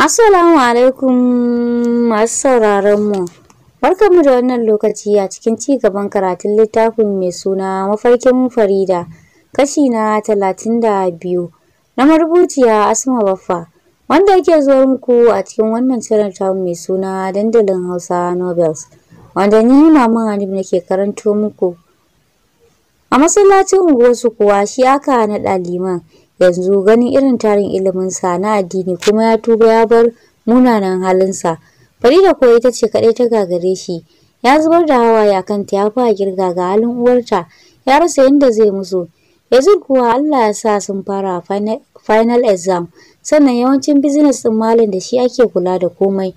Assalamu alaikum masu sauraron mu. Barkanmu da wannan lokaci a cikin ci gaban karatun littafin mai suna Mafarkin Farida, kashi na talatin da biyu na marubuciya Asma Baffa, wanda yake zuwa muku a cikin wannan shirin tamu mai suna dandalin Hausa Nobels, wanda ni Maman Hanif nake karanto muku. A masallacin unguwarsu kuwa shi aka na liman, yanzu ganin irin tarin iliminsa na addini kuma ya tuba ya bar munanan halinsa farida ko ita ce kaɗai ta gagare shi ya zubar da hawaye a kanta ya fara girga ga halin uwarta ya rasa yadda zai musu yanzu kuwa allah ya sa sun fara final exam sannan yawancin business ɗin malam da shi ake kula da komai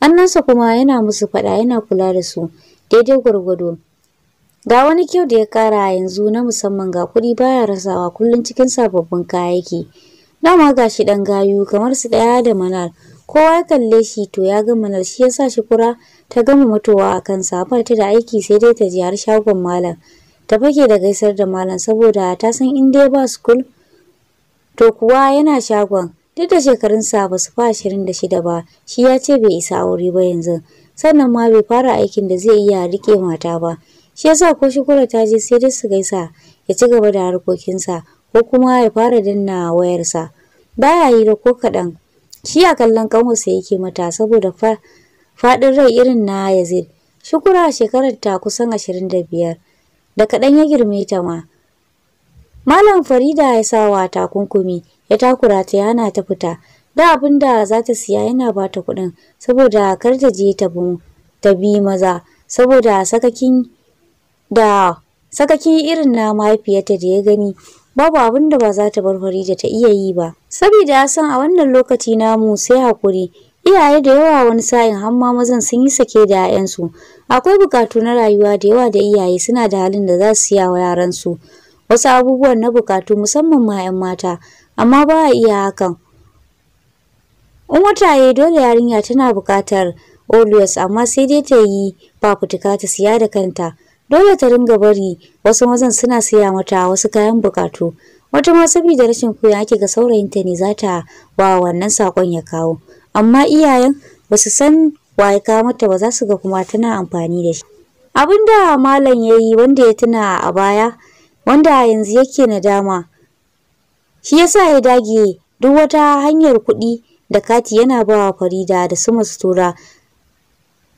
annansa kuma yana musu faɗa yana kula da su daidai gwargwado Ga wani kyau da ya kara yanzu na musamman ga kuɗi baya rasawa kullum cikin sababbin kayayyaki. yake. Dama ga shi ɗan gayu kamar su ɗaya da Manal. Kowa ya kalle shi to ya ga Manal shi ya shi kura ta gama mutuwa a kansa ba ta da aiki sai dai ta jiyar har shagon malam. Ta fage da gaisar da malam saboda ta san in dai ba school to kuwa yana shagon. Duk da shekarunsa ba su fa ashirin da shida ba, shi ya ce bai isa aure ba yanzu. Sannan ma bai fara aikin da zai iya rike mata ba. Shi yasa ko shukura ta je sai dai su gaisa ya ci gaba da harkokinsa ko kuma ya fara danna wayarsa. Baya yi da ko kaɗan. Shi a kallon kanwarsa yake mata saboda faɗin rai irin na Yazid. Shukura a shekarar ta kusan ashirin da biyar. Da kaɗan ya girme ta ma. Malam Farida ya sa wa takunkumi ya takura ta yana ta fita. Da abin da za ta siya yana ba ta kuɗin saboda kar ta je ta bi maza saboda sakakin da sakaki irin na mahaifiyarta da ya gani babu abin da ba za ta bar da ta iya yi ba. Saboda ya san a wannan lokaci namu sai hakuri, iyaye da yawa wani sa'in har ma mazan sun yi sake da 'ya'yansu. Akwai bukatu na rayuwa da yawa da iyaye suna da halin da za su siya wa yaransu. Wasu abubuwan na bukatu musamman ma 'yan mata, amma ba a iya hakan. In wataye dole yarinya tana bukatar Olius amma sai dai ta yi fafutuka ta siya da kanta. dole ta ringa bari wasu mazan suna siya mata wasu kayan bukatu wata ma saboda rashin koya ake ga saurayinta ne za ta wa wannan sakon ya kawo amma iyayen ba su san wa ya kawo mata ba za su ga kuma tana amfani da shi abin da malam ya yi wanda ya tuna a baya wanda yanzu yake nadama shi ya sa ya dage duk wata hanyar kuɗi da kati yana ba wa farida da su masu tura.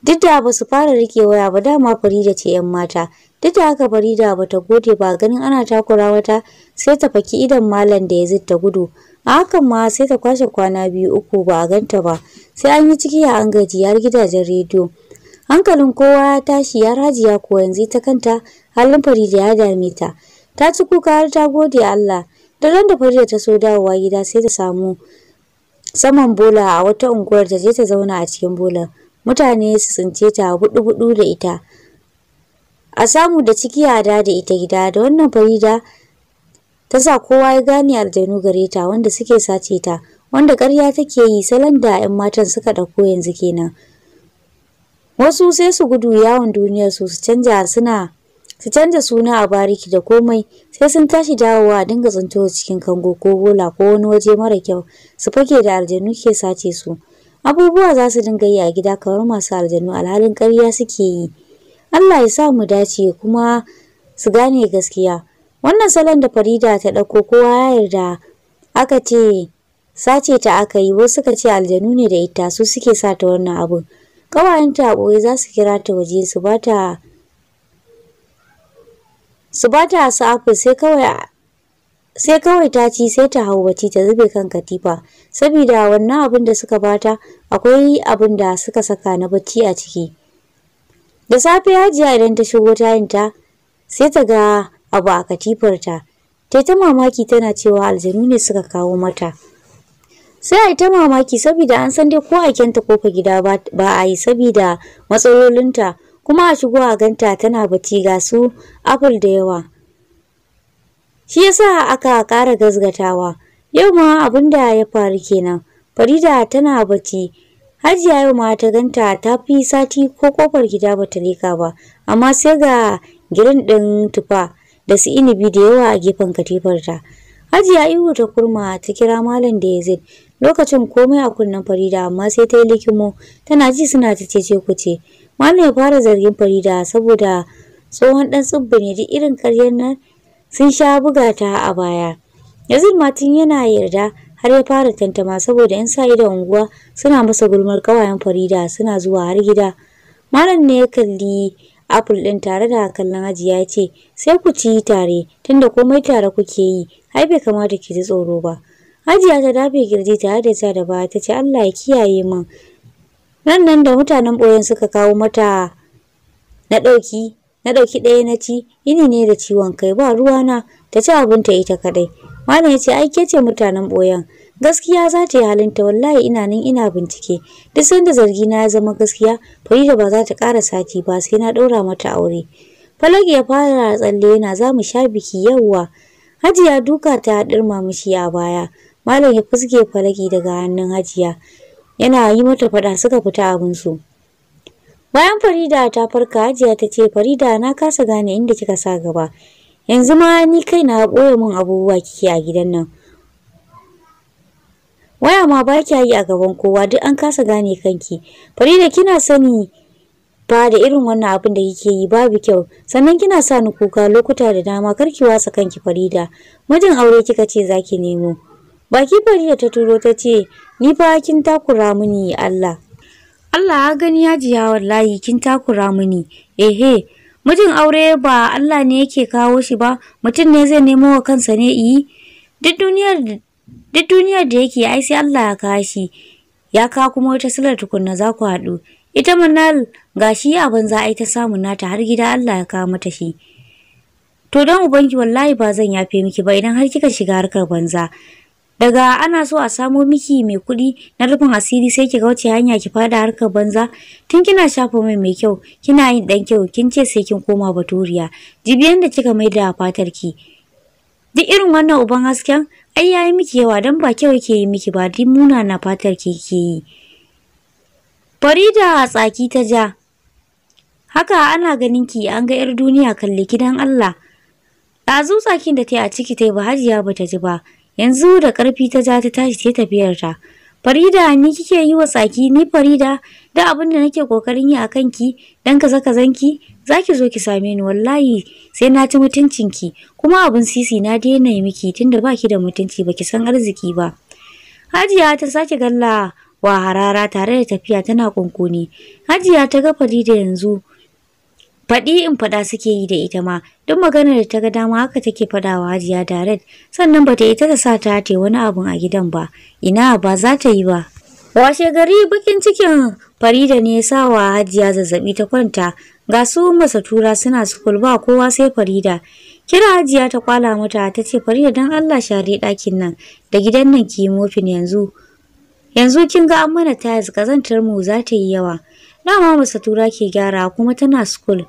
Duk da ba su fara rike waya ba dama Farida ce 'yan mata. Duk da haka Farida ba ta gode ba ganin ana takura wata sai ta faki idan malam da Yazid ta gudu. A hakan ma sai ta kwashe kwana biyu uku ba a ganta ba. Sai an yi ciki a an gaji har gidajen rediyo. Hankalin kowa ya tashi ya rajiya ko yanzu ta kanta halin Farida ya dame ta. Ta ci kuka har ta gode Allah. Da ran da Farida ta so dawowa gida sai ta samu saman bola a wata unguwar ta je ta zauna a cikin bolar. mutane su tsince ta hudu-hudu da ita a samu da ciki a da da ita gida da wannan farida ta sa kowa ya gane aljanu gare ta wanda suke sace ta wanda ƙarya take yi salon da 'yan matan suka ɗauko yanzu kenan wasu sai su gudu yawon duniya su su canja suna su canja suna a bariki da komai sai sun tashi dawowa dinga tsintowa cikin kango ko bola ko wani waje mara kyau su fake da aljanu ke sace su abubuwa za su dinga yi a gida kamar masu aljanu alhalin karya suke yi Allah ya sa mu dace kuma su gane gaskiya wannan salon da Farida ta ɗauko kowa ya yarda aka ce sace ta aka yi wasu suka ce aljanu ne da ita su suke sa ta wannan abun ƙawayenta a ɓoye za su kira ta waje su ba ta su ba ta su sai kawai sai kawai ta ci sai ta hau bacci ta zube kan katifa saboda wannan abin da suka bata akwai abin da suka saka na bacci a ciki da safe hajiya idan ta shigo ta sai ta ga abu a katifarta ta ta mamaki tana cewa aljanu ne suka kawo mata sai a yi ta mamaki saboda an san dai ko a ko ka gida ba a yi saboda matsalolinta kuma a shigo a ganta tana bacci ga su apple da yawa Shi yasa aka ƙara gazgatawa. Yau ma abin da ya faru kenan. Farida tana bacci. Hajiya yau ma ta ganta ta fi sati ko kofar gida bata leka ba, amma sai ga girin ɗin tufa da su inibi da yawa a gefen katifarta. Hajiya ihu ta kurma ta kira malam da Yazid lokacin komai a kunnen Farida amma sai ta yi likimo tana ji suna ta cece kuce. Malam ya fara zargin Farida saboda tsohon ɗan tsibbi ne duk irin karyar nan sun sha buga ta a baya. Yazid Martin yana yarda har ya fara tantama saboda ‘yan sa'i da unguwa suna masa gulmar ƙawayen Farida suna zuwa har gida. Malam ne ya kalli apple ɗin tare da kallon ajiya ce, sai ku ci tare tunda komai tare kuke yi, ai bai kamata ki ji tsoro ba. Hajiya ta dafe girji tare da ta da ba, ta ce Allah ya kiyaye min. Nan nan da mutanen ɓoyen suka kawo mata na ɗauki na ɗauki ɗaya na ci ini ne da ciwon kai ba ruwa na, ta ci abin ta ita kaɗai malam ya ce ai ke ce mutanen boyan gaskiya za ta yi halinta wallahi ina nan ina bincike duk sanda zargi na ya zama gaskiya farida ba za ta ƙara sati ba sai na ɗaura mata aure falag ya fara tsalle yana za mu sha biki yawwa hajiya duka ta ɗirma mamushi a baya malam ya fuske falaki daga hannun hajiya yana yi mata faɗa suka fita abinsu Bayan Farida ta farka ajiya ta ce Farida na kasa gane inda kika sa gaba. Yanzu ma ni kai na ɓoye min abubuwa kike a gidan nan. Waya ma ba kya yi a gaban kowa duk an kasa gane kanki. Farida kina sani ba da irin wannan abin da kike yi babu kyau sannan kina sa ni kuka lokuta da dama karki wasa kanki Farida mijin aure kika ce zaki nemo baki Farida ta turo ta ce ni fa kin takura mini Allah Allah ya gani hajiya wallahi kin takura mini. Ehe, mijin aure ba Allah ne yake kawo shi ba, mutum ne zai nemo wa kansa ne yi. Eh? Duk duniyar duk duniyar da yake ai sai Allah ya kawo shi. Ya ka kuma wata silar tukunna za ku haɗu. Ita Manal gashi a banza ai ta samu nata har gida Allah ya kawo mata shi. To dan ubanki wallahi ba zan yafe miki ba idan har kika shiga harkar banza. Daga ana so a samo miki mai kuɗi na rufin asiri sai ki wuce hanya ki fada harkar banza tun kina shafa mai mai kyau kina yin dan kyau kin ce sai kin koma baturiya jibiyan da kika mai da fatar ki duk irin wannan uban hasken ai yayi miki yawa dan ba kyau yake yi miki ba duk muna na fatar ki ke yi Farida tsaki ta ja haka ana ganin ki an ga yar duniya kalle gidan Allah ɗazu tsakin da ta yi a ciki ta yi ba hajiya ba ta ji ba yanzu da ƙarfi ta ja ta tashi ta tafiyarta Farida ni kike yi wa tsaki ni Farida da abin da nake kokarin yi a kanki dan kaza kazanki zaki zo ki same ni wallahi sai na ci mutuncin ki kuma abin sisi na daina yi miki tunda baki da mutunci baki san arziki ba Hajiya ta sake galla wa harara tare da tafiya tana kunkuni Hajiya ta ga Farida yanzu faɗi in faɗa suke yi da ita ma duk maganar da ta ga dama haka take faɗawa hajiya direct sannan ba ta ita ta sa ta ta wani abun a gidan ba ina ba za ta yi ba washe gari bakin cikin farida ne sa wa hajiya zazzabi ta kwanta ga su masatura suna sukul ba kowa sai farida kira hajiya ta kwala mata ta ce farida don allah share ɗakin nan da gidan nan ki mofin yanzu yanzu kin ga an mana tayas ƙazantar mu za ta yi yawa Dama tura ke gyara kuma tana school.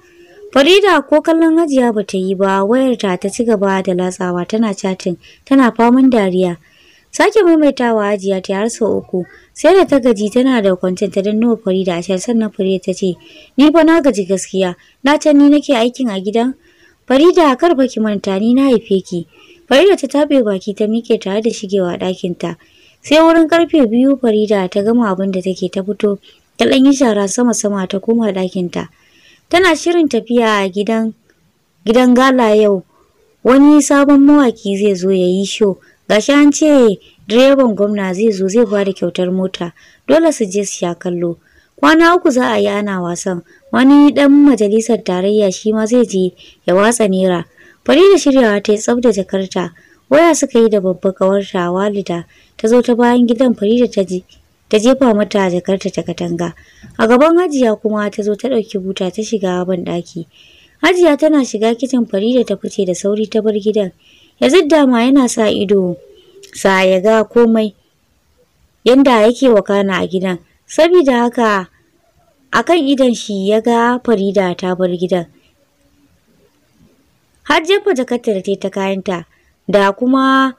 Farida ko kallon Hajiya ba ta yi ba wayarta ta ci gaba da latsawa tana chatin tana faman dariya. Sake maimaitawa Hajiya ta har sau uku sai da ta gaji tana da kwancin ta danno Farida a can sannan Farida ta ce ni fa na gaji gaskiya na can ni nake aikin a gidan Farida kar ba ki manta ni na haife ki. Farida ta tabe baki ta mike tare da shigewa ɗakinta. Sai wurin karfe biyu Farida ta gama abin da take ta fito ta yi shara sama-sama ta koma ɗakinta. Tana shirin tafiya a gidan gala yau. Wani sabon mawaki zai zo ya yi sho. shi an ce direban gwamna zai zo zai ba da kyautar mota. Dole su je su sha kallo. Kwana uku za a yi ana wasan. Wani ɗan majalisar tarayya shi ma zai je ya watsa nera. Farida shiryawa ta yi tsaf da jakarta. Waya suka yi da babbar kawarta Walida ta zo ta bayan gidan Farida ta ji ta jefa mata jakarta ta katanga a gaban hajiya kuma ta zo ta ɗauki buta ta shiga banɗaki hajiya tana shiga kicin farida ta fice da sauri ta bar gidan zidda dama yana sa ido sa ya ga komai yanda yake wakana a gidan sabida haka akan idon shi ya ga farida ta bar gidan har jefa jakarta da ta kayanta da kuma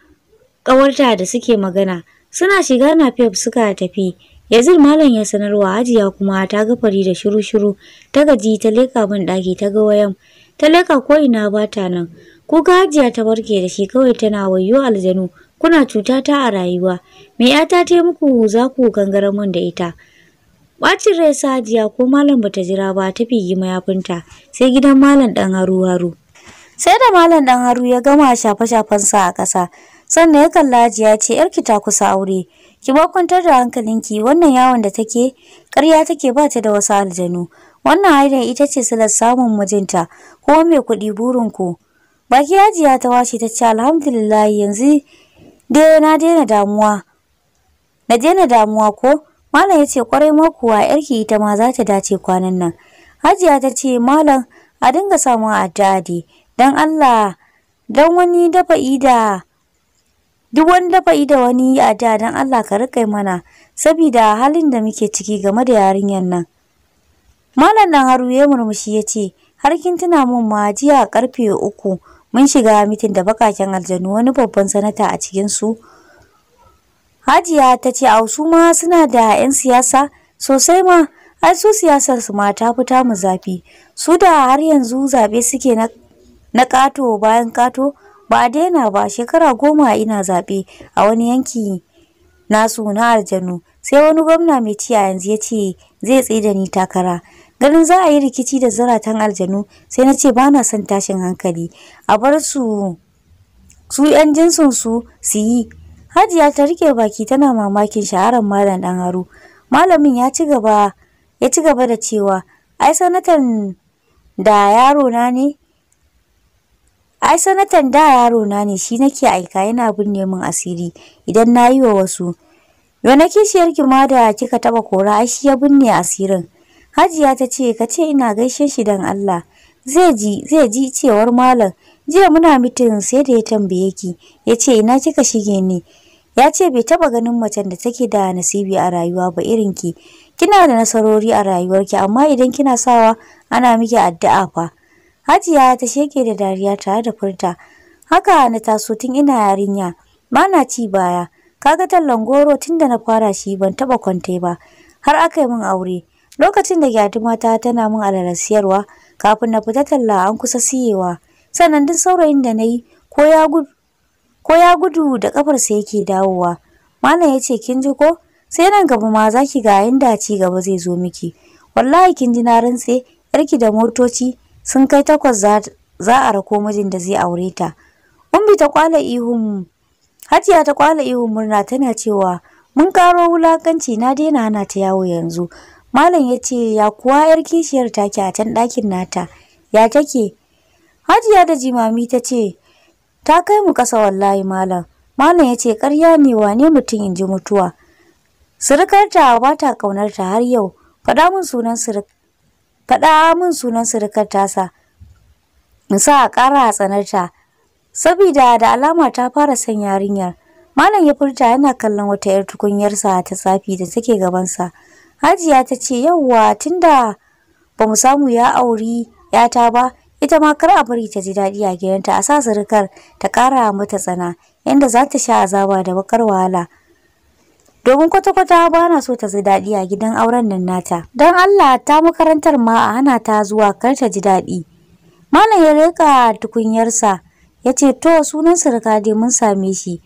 ƙawarta da suke magana Suna shiga na fef suka tafi. yazir malam ya sanarwa Hajiya kuma ta ga fari da shiru-shiru ta gaji ta leka bin ɗaki ta ga wayan. Ta leka ko ina ba ta nan. Kuka Hajiya ta barke da shi kawai tana wayo aljanu kuna cuta ta a rayuwa. Me yata ta muku za ku gangara mun da ita. Bacin rai sa Hajiya ko malam bata jira ba ta figi mayafinta sai gidan malam ɗan haru-haru. Sai da malam ɗan haru ya gama shafe sa a ƙasa. sannan ya kalla Hajiya ce yarki ta kusa aure ki ba kwantar da hankalinki wannan yawon da take ƙarya take ba ta da wasu aljanu wannan haidan ita ce silar samun mijinta kuma mai kuɗi burinku baki Hajiya ta washe ta ce alhamdulillah yanzu dai na daina damuwa na daina damuwa ko malam ya ce kwarai ma kuwa yarki ita ma za ta dace kwanan nan Hajiya ta ce malam a dinga samun addu'a dai don Allah don wani dafa ida duk wani dafa da wani a da don Allah ka riƙa mana saboda halin da muke ciki game da yarinyar nan malam nan haru ya murmushi ya ce har kin tuna mun ma jiya karfe uku mun shiga mitin da bakaken aljanu wani babban sanata a cikin su hajiya ta ce su ma suna da 'yan siyasa sosai ma ai su siyasar su ma ta fita mu zafi su da har yanzu zabe suke na na kato bayan kato ba a daina ba shekara goma ina zaɓe a wani yanki nasu na aljanu sai wani gwamna mai ci a yanzu ya ce zai tsaye da ni takara ganin za a yi rikici da zaratan aljanu sai na ce ba na son tashin hankali a bar su su yan jinsin su su yi hajiya ta rike baki tana mamakin shaharar malam dan haru malamin ya ci gaba ya ci gaba da cewa ai sanatan da yaro na ne ai sanatan da yaro na ne shi nake aika yana binne min asiri idan na yi wa wasu nake kishiyar ki ma da kika taba kora ai shi ya binne asirin hajiya ta ce ka ce ina gaishe shi dan Allah zai ji zai ji cewar malam jiya muna mitin sai da ya tambaye ki yace ina kika shige ni ya ce bai taba ganin macen da take da nasibi a rayuwa ba irin ki kina da nasarori a rayuwarki amma idan kina sawa ana miki addu'a fa Hajiya ta sheke da dariya tare da furta. Haka na taso tun ina yarinya, ba na ci baya. Kaga tallan goro tun da na fara shi ban taɓa kwante ba, har aka yi min aure. Lokacin da ta tana min alalar siyarwa, kafin na fita talla an kusa siyewa. Sannan duk saurayin da na yi ko ya gudu ko ya gudu da ƙafarsa yake dawowa. Malam ya ce kin ji ko? Sai nan gaba ma za ki ga inda ci gaba zai zo miki. Wallahi kin ji na rantse, yarki da motoci sun kai takwas za a rako mijin da zai aure ta Umbi ta kwala ihun hajiya ta kwala ihun murna tana cewa mun karo wulakanci na daina hana ta yawo yanzu malam ya ce ya kuwa yar kishiyar take a can ɗakin nata ya take hajiya da jimami ta ce ta kai mu ƙasa wallahi malam malam ya ce ƙarya ne wane mutum in ji mutuwa Sirikarta ba ta ƙaunarta har yau faɗa min sunan sirik. faɗa min sunan surukar tasa in sa a ƙara a tsanarta saboda da alama ta fara son yarinyar malam ya furta yana kallon wata 'yar tukunyarsa ta tsafi da take gabansa hajiya ta ce yawwa tunda ba mu samu ya auri 'yata ba ita ma kar a bari ta ji daɗi a gidanta a sa surukar ta ƙara mata tsana yanda za ta sha azaba da bakar wahala domin kwata-kwata ba na so ta ji daɗi a gidan auren nan nata. Don Allah ta makarantar ma a hana ta zuwa kar ta ji daɗi. Malam ya rika tukunyarsa ya ce to sunan sirka dai mun same shi.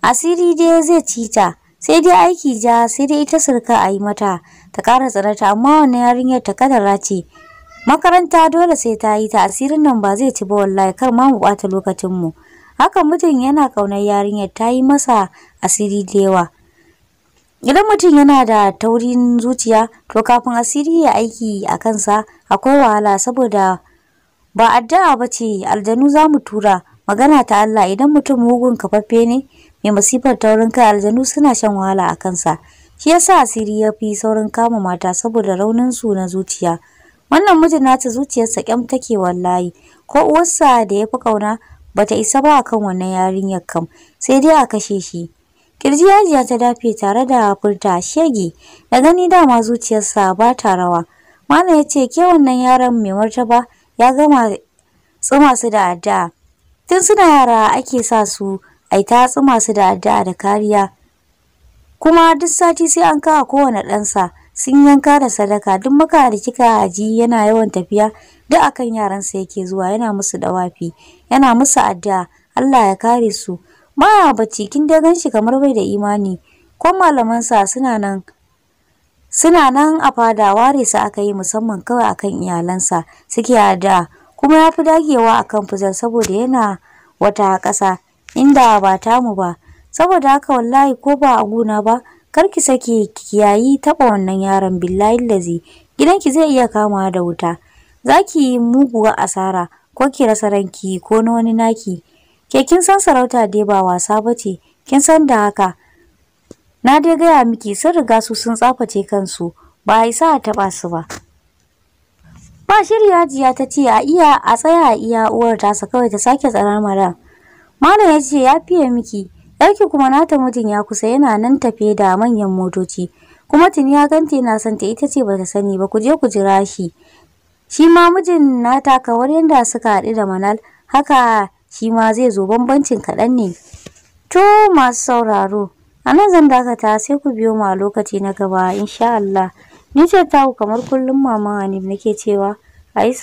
Asiri dai zai ci ta sai dai aiki ja sai dai ita sirka, a yi mata ta ƙara tsananta amma wannan yarinyar ta kadara ce. Makaranta dole sai ta yi ta asirin nan ba zai ci ba wallahi kar ma mu ɓata lokacinmu. Haka mutum yana ƙaunar yarinyar ta yi masa asiri da yawa. Idan mutum yana da taurin zuciya, to kafin asiri ya aiki a kansa akwai wahala saboda ba addu'a ba ce aljanu za mu tura magana ta Allah idan mutum mugun kafaffe ne mai masifar taurin kai aljanu suna shan wahala a kansa. Shi yasa asiri ya fi saurin kama mata saboda raunin su na zuciya. Wannan mijin nata zuciyarsa kyam take wallahi ko uwarsa da ya fi ƙauna bata isa ba a kan wannan yarinyar kam sai dai a kashe shi. Kirji Hajiya ta dafe tare da furta shege, da gani dama zuciyarsa ba ta rawa. Malam ya ce ke wannan yaron mai martaba ya gama tsuma su da addu'a. Tun suna yara ake sa su aita ta tsuma su da addu'a da kariya. Kuma duk sati sai an kawo kowane ɗansa sun yanka da sadaka duk maka da kika haji yana yawan tafiya duk akan yaransa yake zuwa yana musu dawafi yana musu addu'a Allah ya kare su Baya bacci kin dai shi kamar bai da imani. Ko malamansa suna nan suna nan a fada ware su aka yi musamman kawai akan iyalansa suke da kuma ya fi dagewa akan fuzar saboda yana wata ƙasa inda ba tamu ba saboda haka wallahi ko ba a gona ba kar ki sake kiyayi taɓa wannan yaron billahi lazi ki zai iya kama da wuta za ki yi muguwar asara ko ki rasa ranki ko na wani naki Ke kin san sarauta dai ba wasa bace kin san da haka. Na dai gaya miki sun riga su sun tsaface kansu, ba a isa a taɓa su ba. Ba shirya jiya ta ce a iya a tsaya a iya uwar sa kawai ta sake tsarar mara. Malam ya ce ya fiye miki, yarki kuma nata mutum ya kusa yana nan tafe da manyan motoci. Kuma tuni ya gante yana son ta ita ce bata sani ba ku je ku jira shi. Shi ma mijin nata kawar yadda suka haɗu da Manal haka Shima zai zo bambancin kaɗan ne. To masu sauraro, a nan zan dakata sai ku biyo mu a lokaci na gaba insha Allah. Ni ce ku kamar kullum Mama Hanif nake cewa a yi